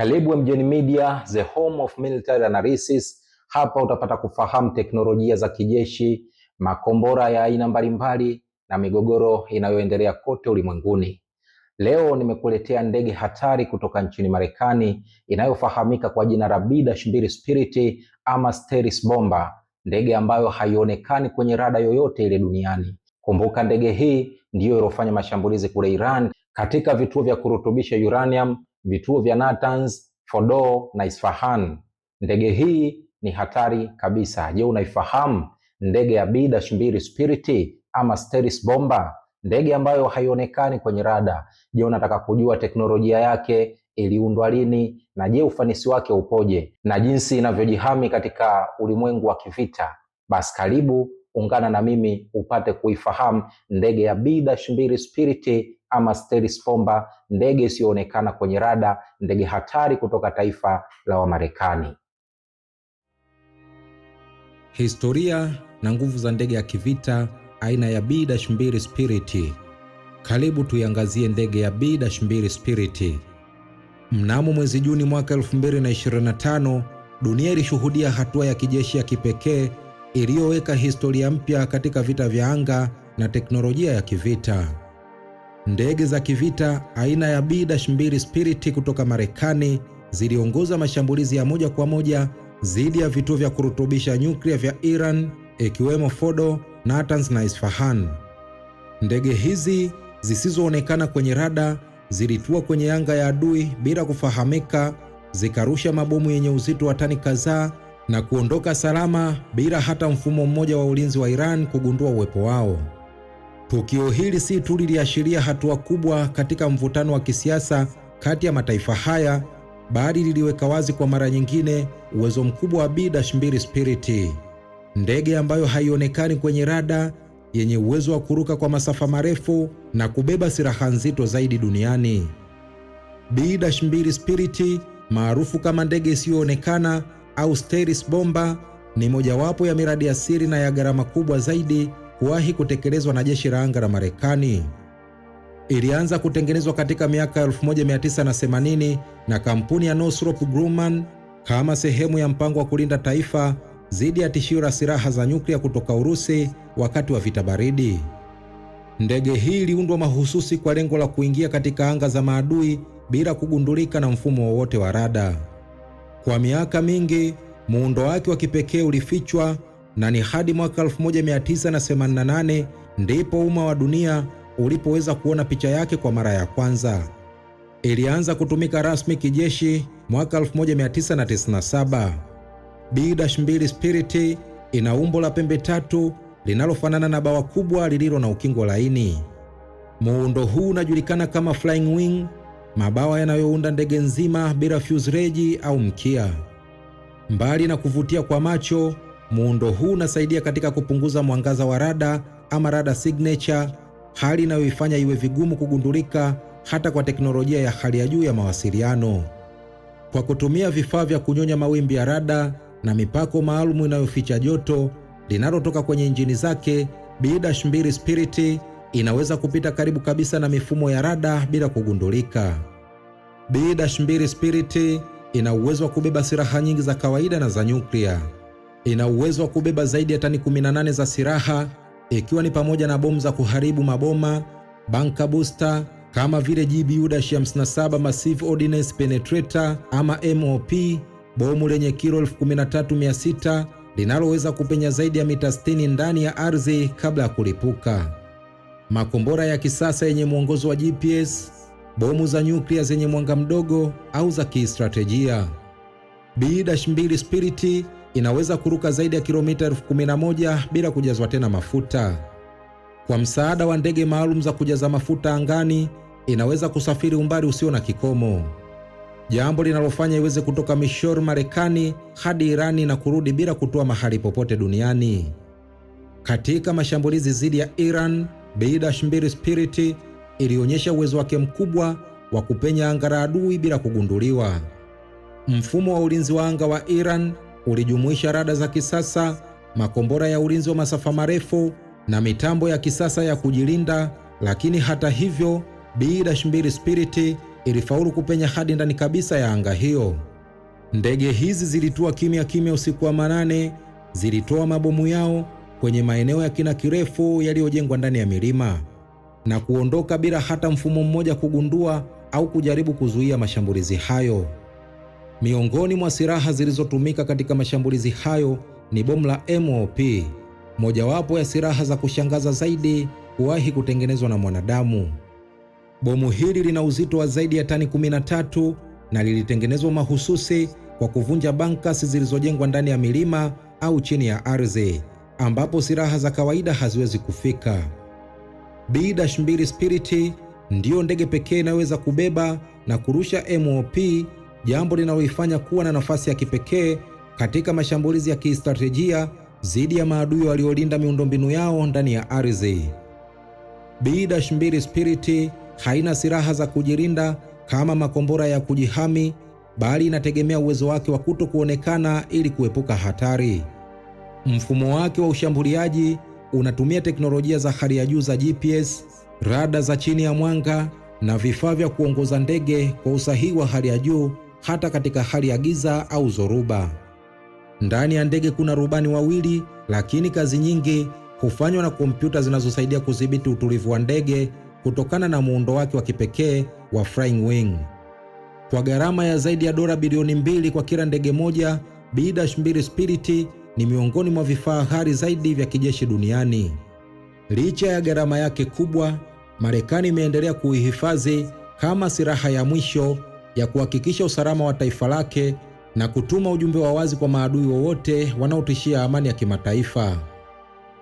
Karibu MGN Media, the home of military analysis. Hapa utapata kufahamu teknolojia za kijeshi, makombora ya aina mbalimbali na migogoro inayoendelea kote ulimwenguni. Leo nimekuletea ndege hatari kutoka nchini Marekani inayofahamika kwa jina la B-2 Spirit ama Stealth bomber, ndege ambayo haionekani kwenye rada yoyote ile duniani. Kumbuka ndege hii ndiyo iliyofanya mashambulizi kule Iran katika vituo vya kurutubisha uranium vituo vya Natanz, Fordow na Isfahan. Ndege hii ni hatari kabisa. Je, unaifahamu ndege ya B-2 Spirit ama Stealth bomba, ndege ambayo haionekani kwenye rada? Je, unataka kujua teknolojia yake iliundwa lini, na je ufanisi wake upoje, na jinsi inavyojihami katika ulimwengu wa kivita? Basi karibu ungana na mimi upate kuifahamu ndege ya B-2 Spirit ama stealth bomber, ndege isiyoonekana kwenye rada, ndege hatari kutoka taifa la Wamarekani. Historia na nguvu za ndege ya kivita aina ya B-2 Spirit. Karibu tuiangazie ndege ya B-2 Spirit. Mnamo mwezi Juni mwaka 2025, dunia ilishuhudia hatua ya kijeshi ya kipekee iliyoweka historia mpya katika vita vya anga na teknolojia ya kivita. Ndege za kivita aina ya B-2 Spirit kutoka Marekani ziliongoza mashambulizi ya moja kwa moja dhidi ya vituo vya kurutubisha nyuklia vya Iran ikiwemo Fordo, Natanz na Isfahan. Ndege hizi zisizoonekana kwenye rada zilitua kwenye anga ya adui bila kufahamika, zikarusha mabomu yenye uzito wa tani kadhaa na kuondoka salama bila hata mfumo mmoja wa ulinzi wa Iran kugundua uwepo wao. Tukio hili si tu liliashiria hatua kubwa katika mvutano wa kisiasa kati ya mataifa haya, bali liliweka wazi kwa mara nyingine uwezo mkubwa wa B-2 Spirit, ndege ambayo haionekani kwenye rada, yenye uwezo wa kuruka kwa masafa marefu na kubeba silaha nzito zaidi duniani. B-2 Spirit maarufu kama ndege isiyoonekana au Stealth bomba ni mojawapo ya miradi ya siri na ya gharama kubwa zaidi kuwahi kutekelezwa na jeshi la anga la Marekani. Ilianza kutengenezwa katika miaka 1980 na kampuni ya Northrop Grumman kama sehemu ya mpango wa kulinda taifa dhidi ya tishio la silaha za nyuklia kutoka Urusi wakati wa vita baridi. Ndege hii iliundwa mahususi kwa lengo la kuingia katika anga za maadui bila kugundulika na mfumo wowote wa rada. Kwa miaka mingi, muundo wake wa kipekee ulifichwa na ni hadi mwaka 1988 ndipo umma wa dunia ulipoweza kuona picha yake kwa mara ya kwanza. Ilianza kutumika rasmi kijeshi mwaka 1997. B-2 Spirit ina umbo la pembe tatu linalofanana na bawa kubwa lililo na ukingo laini. Muundo huu unajulikana kama flying wing, mabawa yanayounda ndege nzima bila fuselage au mkia. Mbali na kuvutia kwa macho Muundo huu unasaidia katika kupunguza mwangaza wa rada ama rada signature, hali inayoifanya iwe vigumu kugundulika hata kwa teknolojia ya hali ya juu ya mawasiliano. Kwa kutumia vifaa vya kunyonya mawimbi ya rada na mipako maalum inayoficha joto linalotoka kwenye injini zake, B-2 Spirit inaweza kupita karibu kabisa na mifumo ya rada bila kugundulika. B-2 Spirit ina uwezo wa kubeba silaha nyingi za kawaida na za nyuklia ina uwezo wa kubeba zaidi ya tani 18 za silaha ikiwa ni pamoja na bomu za kuharibu maboma, banka booster kama vile GBU-57 Massive Ordnance Penetrator ama MOP, bomu lenye kilo 13600 linaloweza kupenya zaidi ya mita 60 ndani ya ardhi kabla ya kulipuka, makombora ya kisasa yenye mwongozo wa GPS, bomu za nyuklia zenye mwanga mdogo au za kistratejia. B-2 Spirit inaweza kuruka zaidi ya kilomita elfu 11 bila kujazwa tena mafuta. Kwa msaada wa ndege maalum za kujaza mafuta angani, inaweza kusafiri umbali usio na kikomo, jambo linalofanya iweze kutoka Mishori, Marekani hadi Irani na kurudi bila kutua mahali popote duniani. Katika mashambulizi dhidi ya Iran, B-2 Spirit ilionyesha uwezo wake mkubwa wa kupenya anga la adui bila kugunduliwa. Mfumo wa ulinzi wa anga wa Iran ulijumuisha rada za kisasa, makombora ya ulinzi wa masafa marefu na mitambo ya kisasa ya kujilinda, lakini hata hivyo B-2 Spirit ilifaulu kupenya hadi ndani kabisa ya anga hiyo. Ndege hizi zilitua kimya kimya usiku wa manane, zilitoa mabomu yao kwenye maeneo ya kina kirefu yaliyojengwa ndani ya milima na kuondoka bila hata mfumo mmoja kugundua au kujaribu kuzuia mashambulizi hayo. Miongoni mwa silaha zilizotumika katika mashambulizi hayo ni bomu la MOP, mojawapo ya silaha za kushangaza zaidi kuwahi kutengenezwa na mwanadamu. Bomu hili lina uzito wa zaidi ya tani 13 na lilitengenezwa mahususi kwa kuvunja bankasi zilizojengwa ndani ya milima au chini ya ardhi ambapo silaha za kawaida haziwezi kufika. B-2 Spirit ndiyo ndege pekee inayoweza kubeba na kurusha MOP jambo linaloifanya kuwa na nafasi ya kipekee katika mashambulizi ya kistratejia dhidi ya maadui waliolinda miundombinu yao ndani ya ardhi. B-2 Spirit haina silaha za kujilinda kama makombora ya kujihami, bali inategemea uwezo wake wa kuto kuonekana ili kuepuka hatari. Mfumo wake wa ushambuliaji unatumia teknolojia za hali ya juu za GPS, rada za chini ya mwanga na vifaa vya kuongoza ndege kwa usahihi wa hali ya juu hata katika hali ya giza au zoruba. Ndani ya ndege kuna rubani wawili, lakini kazi nyingi hufanywa na kompyuta zinazosaidia kudhibiti utulivu wa ndege kutokana na muundo wake wa kipekee wa flying wing. Kwa gharama ya zaidi ya dola bilioni mbili kwa kila ndege moja, B-2 Spirit ni miongoni mwa vifaa hari zaidi vya kijeshi duniani. Licha ya gharama yake kubwa, Marekani imeendelea kuihifadhi kama silaha ya mwisho ya kuhakikisha usalama wa taifa lake na kutuma ujumbe wa wazi kwa maadui wowote wanaotishia amani ya kimataifa.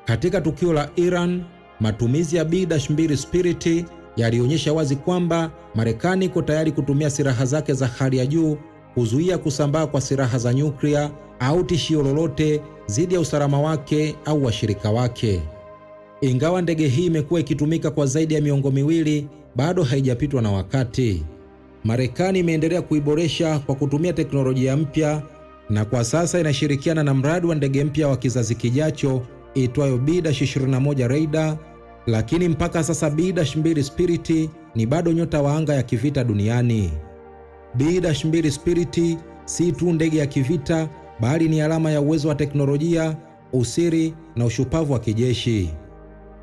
Katika tukio la Iran, matumizi ya B-2 Spirit yalionyesha wazi kwamba Marekani iko tayari kutumia silaha zake za hali ya juu kuzuia kusambaa kwa silaha za nyuklia au tishio lolote dhidi ya usalama wake au washirika wake. Ingawa ndege hii imekuwa ikitumika kwa zaidi ya miongo miwili, bado haijapitwa na wakati. Marekani imeendelea kuiboresha kwa kutumia teknolojia mpya na kwa sasa inashirikiana na mradi wa ndege mpya wa kizazi kijacho itwayo B-21 Raider, lakini mpaka sasa B-2 Spirit ni bado nyota wa anga ya kivita duniani. B-2 Spirit si tu ndege ya kivita bali ni alama ya uwezo wa teknolojia, usiri na ushupavu wa kijeshi.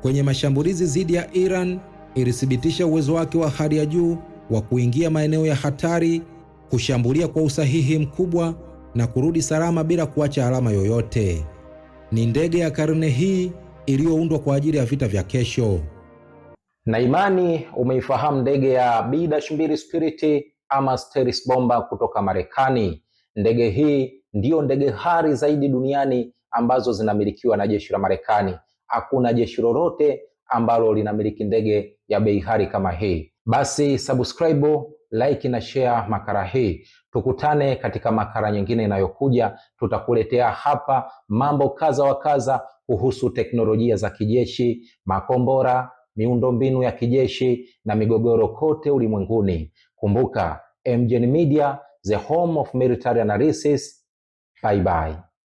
Kwenye mashambulizi dhidi ya Iran ilithibitisha uwezo wake wa hali ya juu wa kuingia maeneo ya hatari, kushambulia kwa usahihi mkubwa na kurudi salama bila kuacha alama yoyote. Ni ndege ya karne hii iliyoundwa kwa ajili ya vita vya kesho. Na imani umeifahamu ndege ya B-2 Spirit ama Stealth bomber kutoka Marekani. Ndege hii ndiyo ndege hari zaidi duniani ambazo zinamilikiwa na jeshi la Marekani. Hakuna jeshi lolote ambalo linamiliki ndege ya bei hari kama hii. Basi subscribe, like na share makala hii. Tukutane katika makala nyingine inayokuja, tutakuletea hapa mambo kadha wa kadha kuhusu teknolojia za kijeshi, makombora, miundombinu ya kijeshi na migogoro kote ulimwenguni. Kumbuka, MGN Media, the home of military analysis. Bye bye.